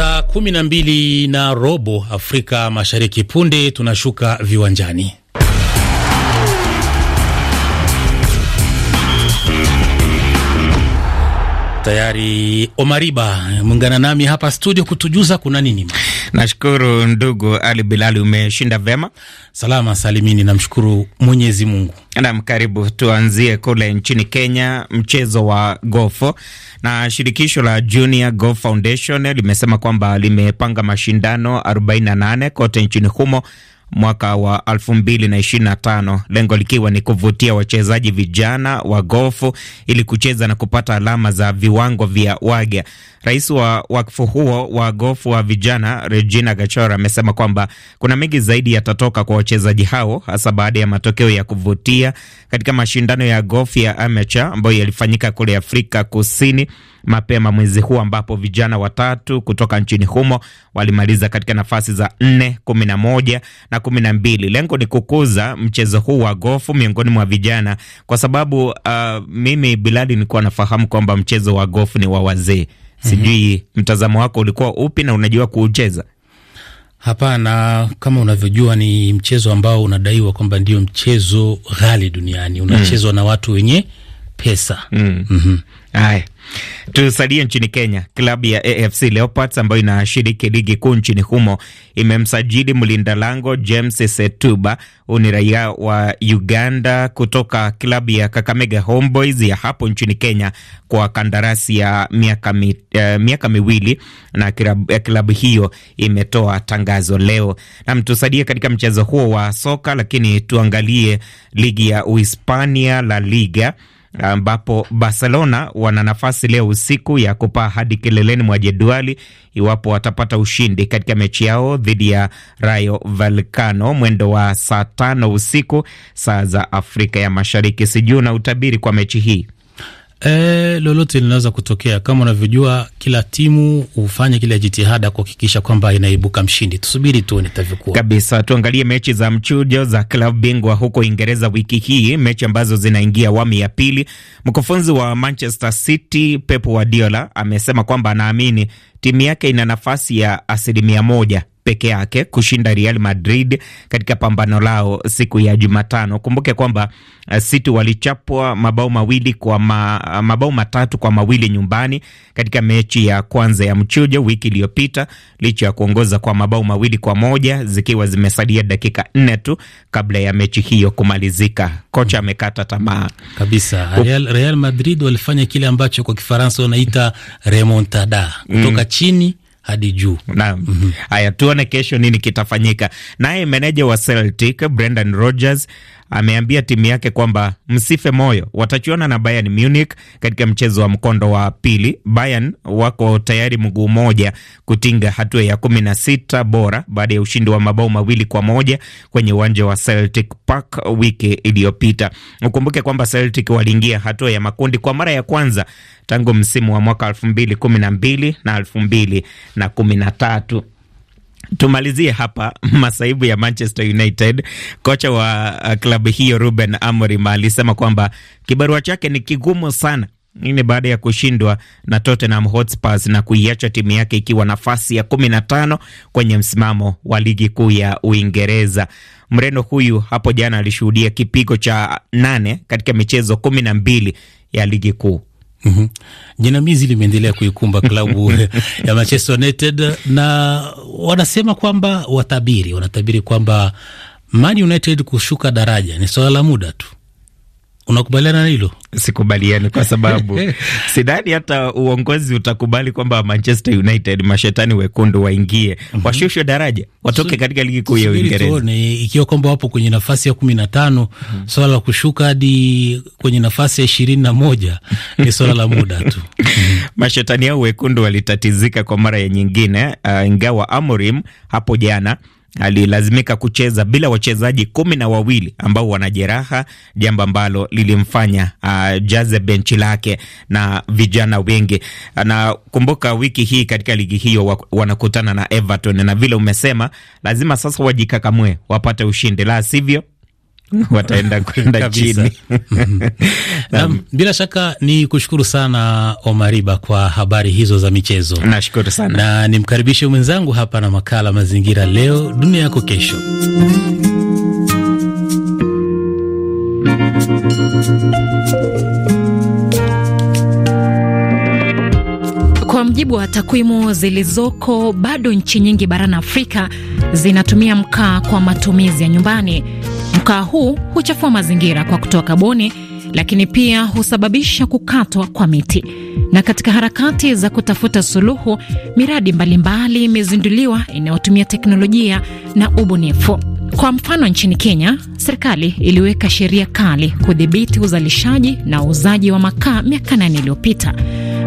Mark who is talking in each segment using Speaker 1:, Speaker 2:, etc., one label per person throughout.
Speaker 1: Saa kumi na mbili na robo Afrika Mashariki. Punde tunashuka viwanjani. Tayari Omariba mungana nami hapa studio kutujuza kuna nini.
Speaker 2: Nashukuru ndugu Ali Bilali, umeshinda vema salama salimini, namshukuru Mwenyezi Mungu. Nam, karibu. Tuanzie kule nchini Kenya, mchezo wa gofo. Na shirikisho la Junior Golf Foundation limesema kwamba limepanga mashindano 48 kote nchini humo mwaka wa 2025, lengo likiwa ni kuvutia wachezaji vijana wa gofu ili kucheza na kupata alama za viwango vya WAGA. Rais wa wakfu huo wa gofu wa vijana Regina Gachora amesema kwamba kuna mengi zaidi yatatoka kwa wachezaji hao, hasa baada ya matokeo ya kuvutia katika mashindano ya gofu ya amateur ambayo yalifanyika kule Afrika Kusini mapema mwezi huu ambapo vijana watatu kutoka nchini humo walimaliza katika nafasi za 4, 11 na kumi na mbili. Lengo ni kukuza mchezo huu wa gofu miongoni mwa vijana, kwa sababu uh, mimi Biladi nilikuwa nafahamu kwamba mchezo wa gofu ni wa wazee. Mhm. Sijui mm -hmm. mtazamo wako ulikuwa upi na unajua kuucheza?
Speaker 1: Hapana, kama unavyojua ni mchezo ambao unadaiwa kwamba ndio mchezo ghali duniani, mm. unachezwa mm. na watu wenye
Speaker 2: pesa mm. mm -hmm. Aya. Tusalie nchini Kenya. Klabu ya AFC Leopards ambayo inashiriki ligi kuu nchini humo imemsajili mlinda lango James Setuba, huu ni raia wa Uganda kutoka klabu ya Kakamega Homeboys ya hapo nchini Kenya kwa kandarasi ya miaka, mi, eh, miaka miwili na klabu, eh, klabu hiyo imetoa tangazo leo. Nam, tusalie katika mchezo huo wa soka, lakini tuangalie ligi ya Uhispania La Liga ambapo Barcelona wana nafasi leo usiku ya kupaa hadi kileleni mwa jedwali iwapo watapata ushindi katika mechi yao dhidi ya Rayo Vallecano mwendo wa saa tano usiku saa za Afrika ya Mashariki. Sijui na utabiri kwa mechi hii. E, lolote linaweza kutokea. Kama unavyojua, kila timu hufanya kila jitihada kuhakikisha kwamba inaibuka mshindi. Tusubiri tuone itavyokuwa kabisa. Tuangalie mechi za mchujo za klabu bingwa huko Uingereza wiki hii, mechi ambazo zinaingia awamu ya pili. Mkufunzi wa Manchester City Pep Guardiola amesema kwamba anaamini timu yake ina nafasi ya asilimia moja peke yake kushinda Real Madrid katika pambano lao siku ya Jumatano. Kumbuke kwamba uh, City walichapwa mabao mawili kwa ma, uh, mabao matatu kwa mawili nyumbani katika mechi ya kwanza ya mchujo wiki iliyopita, licha ya kuongoza kwa mabao mawili kwa moja zikiwa zimesalia dakika nne tu kabla ya mechi hiyo kumalizika. Kocha amekata tamaa kabisa. Real,
Speaker 1: Real Madrid walifanya kile ambacho kwa Kifaransa wanaita remontada mm. kutoka mm,
Speaker 2: chini hadi juu. Naam, mhm. haya tuone kesho nini kitafanyika. Naye meneja wa Celtic Brendan Rodgers ameambia timu yake kwamba msife moyo, watachuana na Bayern Munich katika mchezo wa mkondo wa pili. Bayern wako tayari mguu moja kutinga hatua ya kumi na sita bora baada ya ushindi wa mabao mawili kwa moja kwenye uwanja wa Celtic Park wiki iliyopita. Ukumbuke kwamba Celtic waliingia hatua ya makundi kwa mara ya kwanza tangu msimu wa mwaka elfu mbili kumi na mbili na elfu mbili na kumi na tatu. Tumalizie hapa masaibu ya Manchester United. Kocha wa klabu uh, hiyo Ruben Amorim alisema kwamba kibarua chake ni kigumu sana ni baada ya kushindwa na Tottenham Hotspurs na kuiacha timu yake ikiwa nafasi ya kumi na tano kwenye msimamo wa ligi kuu ya Uingereza. Mreno huyu hapo jana alishuhudia kipigo cha nane katika michezo kumi na mbili ya ligi kuu. Mm -hmm. Jinamizi limeendelea kuikumba klabu
Speaker 1: ya Manchester United na wanasema kwamba watabiri wanatabiri kwamba Man United kushuka daraja ni swala la muda tu. Unakubaliana na
Speaker 2: hilo? Sikubaliani kwa sababu sidhani hata uongozi utakubali kwamba Manchester United mashetani wekundu waingie, mm -hmm. washushwe daraja, watoke so, katika ligi kuu ya Uingereza,
Speaker 1: ikiwa kwamba wapo kwenye nafasi ya kumi na tano mm -hmm. swala la kushuka hadi kwenye nafasi ya ishirini na moja ni swala la muda tu
Speaker 2: mm -hmm. mashetani hao wekundu walitatizika kwa mara ya nyingine, uh, ingawa Amorim hapo jana alilazimika kucheza bila wachezaji kumi na wawili ambao wana jeraha, jambo ambalo lilimfanya uh, jaze benchi lake na vijana wengi. Nakumbuka wiki hii katika ligi hiyo wanakutana na Everton, na vile umesema lazima sasa wajikakamue wapate ushindi, la sivyo wataenda kwenda chini na,
Speaker 1: bila shaka ni kushukuru sana Omariba kwa habari hizo za michezo. Nashukuru sana na nimkaribishe mwenzangu hapa na makala Mazingira Leo Dunia Yako Kesho.
Speaker 3: Kwa mjibu wa takwimu zilizoko, bado nchi nyingi barani Afrika zinatumia mkaa kwa matumizi ya nyumbani. Mkaa huu huchafua mazingira kwa kutoa kaboni, lakini pia husababisha kukatwa kwa miti. Na katika harakati za kutafuta suluhu, miradi mbalimbali imezinduliwa inayotumia teknolojia na ubunifu. Kwa mfano, nchini Kenya, serikali iliweka sheria kali kudhibiti uzalishaji na uuzaji wa makaa miaka nane iliyopita,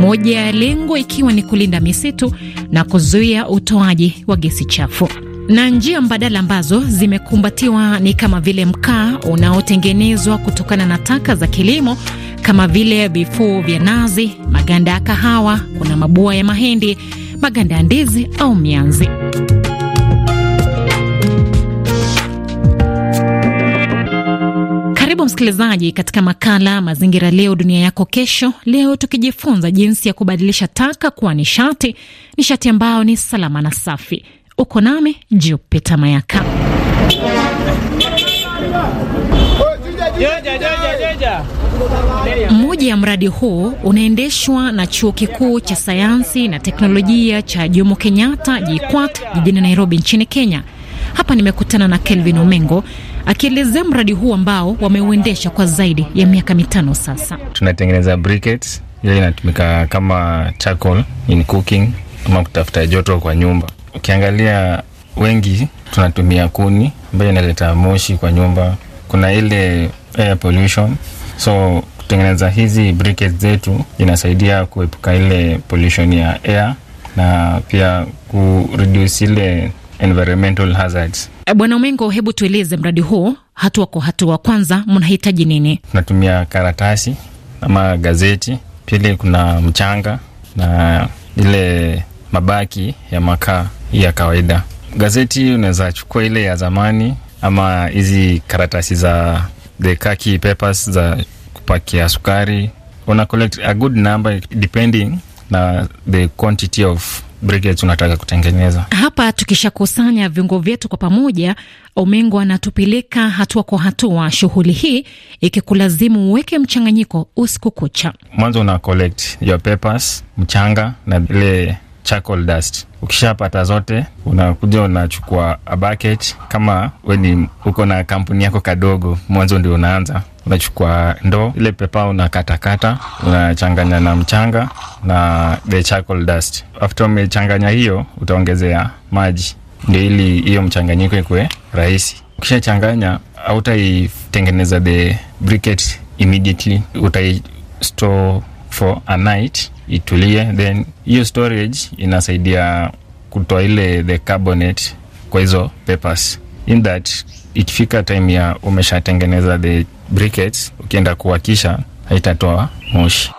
Speaker 3: moja ya lengo ikiwa ni kulinda misitu na kuzuia utoaji wa gesi chafu. Na njia mbadala ambazo zimekumbatiwa ni kama vile mkaa unaotengenezwa kutokana na taka za kilimo kama vile vifuu vya nazi, maganda ya kahawa, kuna mabua ya mahindi, maganda ya ndizi au mianzi. Karibu msikilizaji katika makala Mazingira Leo Dunia Yako Kesho. Leo tukijifunza jinsi ya kubadilisha taka kuwa nishati, nishati ambayo ni salama na safi. Uko nami Jupita Mayaka. Mmoja ya mradi huu unaendeshwa na chuo kikuu cha sayansi na teknolojia cha Jomo Kenyatta JKUAT jijini Nairobi nchini Kenya. Hapa nimekutana na Kelvin Omengo akielezea mradi huu ambao wameuendesha kwa zaidi ya miaka mitano sasa.
Speaker 4: Tunatengeneza briquettes, ile inatumika kama charcoal in cooking ama kutafuta joto kwa nyumba Ukiangalia wengi tunatumia kuni ambayo inaleta moshi kwa nyumba. Kuna ile air pollution, so kutengeneza hizi briquettes zetu inasaidia kuepuka ile pollution ya air na pia kureduce ile environmental hazards.
Speaker 3: Eh, Bwana Omengo, hebu tueleze mradi huu hatua kwa hatua. Kwanza mnahitaji nini?
Speaker 4: Tunatumia karatasi ama gazeti, pili kuna mchanga na ile mabaki ya makaa ya kawaida. Gazeti unaweza chukua ile ya zamani ama hizi karatasi za the khaki papers za kupakia sukari. Una collect a good number depending na the quantity of
Speaker 3: briquettes unataka kutengeneza. Hapa tukishakusanya viungo vyetu kwa pamoja, Omengo anatupeleka hatua kwa hatua, shughuli hii ikikulazimu uweke mchanganyiko usiku kucha.
Speaker 4: Mwanzo una collect your papers, mchanga na ile charcoal dust. Ukishapata zote, unakuja unachukua a bucket. Kama we ni uko na kampuni yako kadogo, mwanzo ndio unaanza, unachukua ndoo ile pepa, unakatakata, unachanganya na mchanga na the charcoal dust. After umechanganya hiyo, utaongezea maji ndio ili hiyo mchanganyiko ikwe rahisi. Ukishachanganya, hautaitengeneza the briquette immediately, utai for a night itulie, then hiyo storage inasaidia kutoa ile the carbonate kwa hizo papers, in that ikifika time ya umeshatengeneza the briquettes, ukienda kuwakisha haitatoa moshi.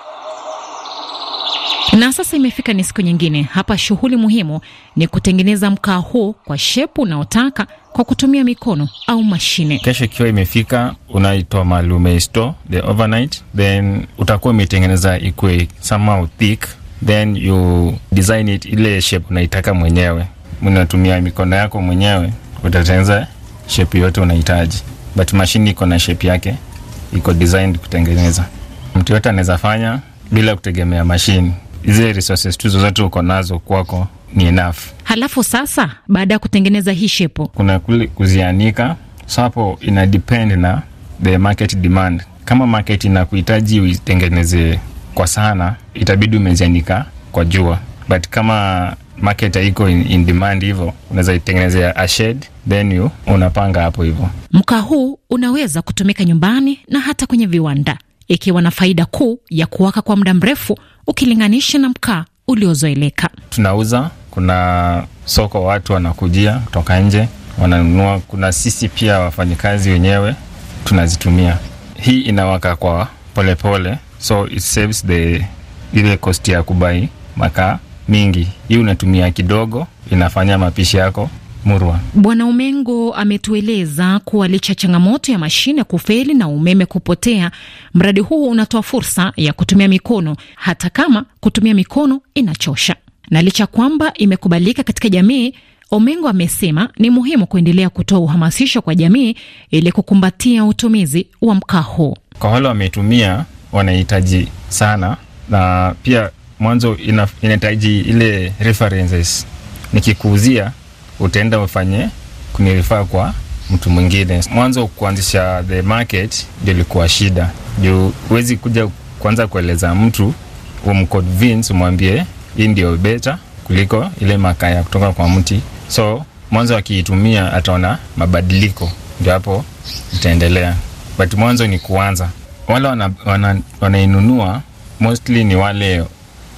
Speaker 3: Na sasa imefika ni siku nyingine. Hapa shughuli muhimu ni kutengeneza mkaa huu kwa shepu unaotaka kwa kutumia mikono au mashine.
Speaker 4: Kesho ikiwa imefika, unaitwa malume isto the overnight, then utakuwa umetengeneza ikwe somehow thick, then you design it ile shepu unaitaka mwenyewe. Unatumia mikono yako mwenyewe utatengeneza shepu yote unahitaji, but mashine iko na shepu yake, iko designed kutengeneza. Mtu yote anaweza fanya bila kutegemea mashine zile resources tu zozote uko nazo kwako ni enough.
Speaker 3: Halafu sasa, baada ya kutengeneza hii shepo,
Speaker 4: kuna kule kuzianika. So hapo ina depend na the market demand. Kama market inakuhitaji uitengeneze kwa sana, itabidi umezianika kwa jua, but kama market haiko in, in demand hivyo unaweza itengenezea a shed then you unapanga hapo hivyo.
Speaker 3: Mkaa huu unaweza kutumika nyumbani na hata kwenye viwanda, ikiwa na faida kuu ya kuwaka kwa muda mrefu ukilinganisha na mkaa uliozoeleka.
Speaker 4: Tunauza, kuna soko, watu wanakujia kutoka nje wananunua, kuna sisi pia wafanyikazi wenyewe tunazitumia. Hii inawaka kwa polepole pole, so it saves the ile kosti ya kubai makaa mingi. Hii unatumia kidogo, inafanya mapishi yako Murwa.
Speaker 3: Bwana Umengo ametueleza kuwa licha changamoto ya mashine kufeli na umeme kupotea, mradi huu unatoa fursa ya kutumia mikono hata kama kutumia mikono inachosha. Na licha kwamba imekubalika katika jamii, Omengo amesema ni muhimu kuendelea kutoa uhamasisho kwa jamii ili kukumbatia utumizi wa mkaa huu.
Speaker 4: Kwa wale wametumia, wanahitaji sana, na pia mwanzo inahitaji ile references nikikuuzia utaenda ufanye kunirifaa kwa mtu mwingine. Mwanzo kuanzisha the market ndio ilikuwa shida, juu huwezi kuja kuanza kueleza mtu umconvince, umwambie hii ndio beta kuliko ile makaa ya kutoka kwa mti. So mwanzo akiitumia ataona mabadiliko, ndio hapo itaendelea, but mwanzo ni kuanza. Wale wanainunua wana, wana mostly ni wale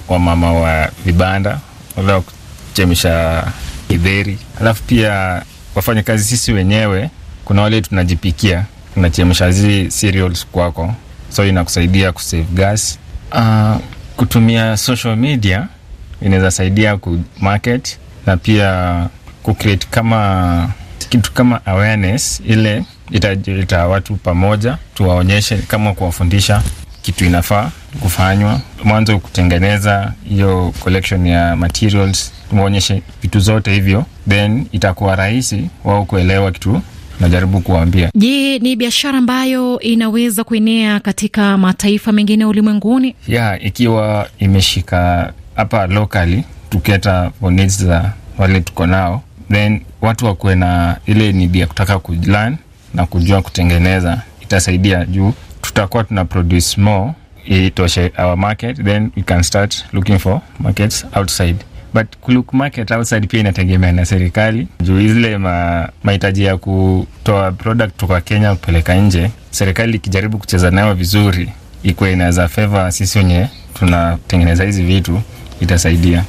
Speaker 4: wamama wa vibanda, wale wakuchemisha githeri, alafu pia wafanya kazi sisi wenyewe, kuna wale tunajipikia, tunachemsha zi cereals kwako, so inakusaidia kusave gas. Uh, kutumia social media inaweza saidia ku market na pia ku create kama kitu kama awareness ile itajileta watu pamoja, tuwaonyeshe kama kuwafundisha kitu inafaa kufanywa, mwanzo kutengeneza hiyo collection ya materials waonyeshe vitu zote hivyo, then itakuwa rahisi wao kuelewa kitu najaribu kuwaambia.
Speaker 3: Je, ni biashara ambayo inaweza kuenea katika mataifa mengine ulimwenguni?
Speaker 4: Yeah, ikiwa imeshika hapa locally, tuketa za wale tuko nao, then watu wakuwe na ile nidia kutaka kulearn na kujua kutengeneza, itasaidia juu tutakuwa tuna produce more itoshe our market, then we can start looking for markets outside but kuluk Market outside pia inategemea na serikali juu zile mahitaji ya kutoa product kutoka Kenya kupeleka nje, serikali ikijaribu kucheza nayo vizuri, ikuwa inaweza feva sisi wenye tunatengeneza hizi vitu, itasaidia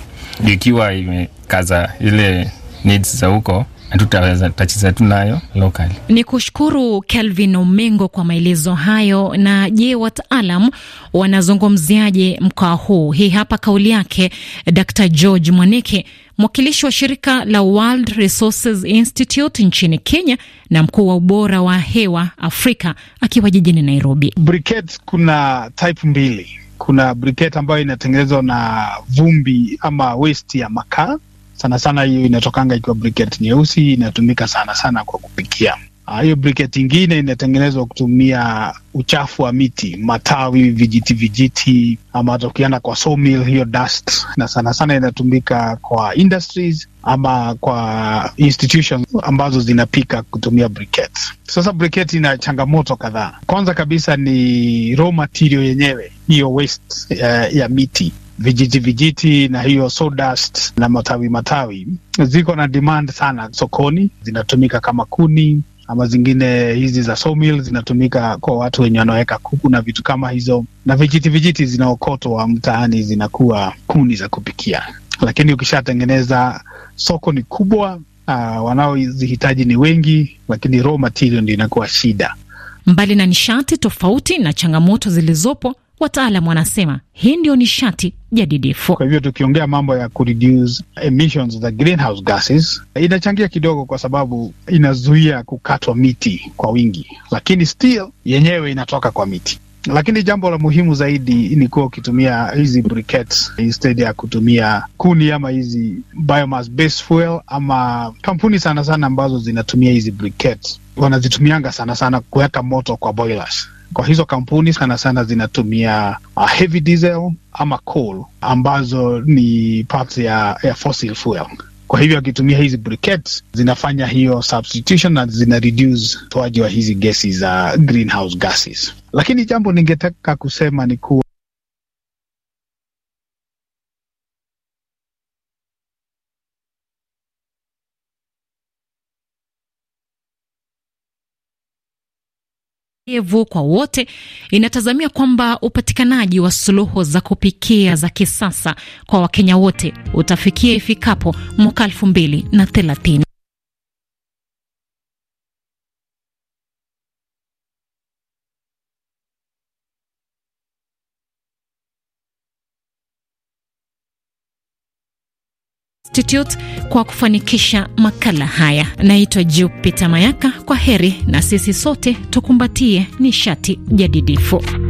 Speaker 4: ikiwa imekaza ile needs za huko na tutacheza tu nayo lokali.
Speaker 3: Ni kushukuru Kelvin Omengo kwa maelezo hayo. Na je, wataalam wanazungumziaje mkoa huu? Hii hapa kauli yake Dr George Mwaneke, mwakilishi wa shirika la World Resources Institute nchini Kenya na mkuu wa ubora wa hewa Afrika akiwa jijini Nairobi.
Speaker 5: Briquettes kuna type mbili. Kuna briquette ambayo inatengenezwa na vumbi ama waste ya makaa sana sana hiyo inatokanga ikiwa briket nyeusi, inatumika sana sana kwa kupikia. Ah, hiyo briket ingine inatengenezwa kutumia uchafu wa miti, matawi, vijiti vijiti, ama hata ukienda kwa somil hiyo dust, na sana sana inatumika kwa industries ama kwa institutions ambazo zinapika kutumia briket Sasa briket ina changamoto kadhaa. Kwanza kabisa ni raw material yenyewe, hiyo waste uh, ya miti vijiti vijiti na hiyo sawdust na matawi matawi ziko na demand sana sokoni, zinatumika kama kuni ama zingine hizi za sawmill zinatumika kwa watu wenye wanaweka kuku na vitu kama hizo, na vijiti vijiti zinaokotwa mtaani zinakuwa kuni za kupikia. Lakini ukishatengeneza, soko ni kubwa, uh, wanaozihitaji ni wengi, lakini raw material ndio inakuwa shida.
Speaker 3: Mbali na nishati tofauti na changamoto zilizopo Wataalam wanasema hii ndio nishati
Speaker 5: jadidifu. Kwa hivyo tukiongea mambo ya kureduce emissions greenhouse gases, inachangia kidogo, kwa sababu inazuia kukatwa miti kwa wingi, lakini still yenyewe inatoka kwa miti lakini jambo la muhimu zaidi ni kuwa ukitumia hizi briquettes instead ya kutumia kuni ama hizi biomass based fuel, ama kampuni sana sana ambazo zinatumia hizi briquettes wanazitumianga sana sana kuweka moto kwa boilers. Kwa hizo kampuni sana sana zinatumia uh, heavy diesel ama coal ambazo ni part ya, ya fossil fuel. Kwa hivyo akitumia hizi briquettes zinafanya hiyo substitution na zina reduce utoaji wa hizi gesi za greenhouse gases. Lakini jambo ningetaka kusema ni kuwa
Speaker 3: evu kwa wote inatazamia kwamba upatikanaji wa suluhu za kupikia za kisasa kwa Wakenya wote utafikia ifikapo mwaka elfu mbili na thelathini. Institute kwa kufanikisha makala haya. Naitwa Jupiter Mayaka, kwa heri, na sisi sote tukumbatie nishati jadidifu.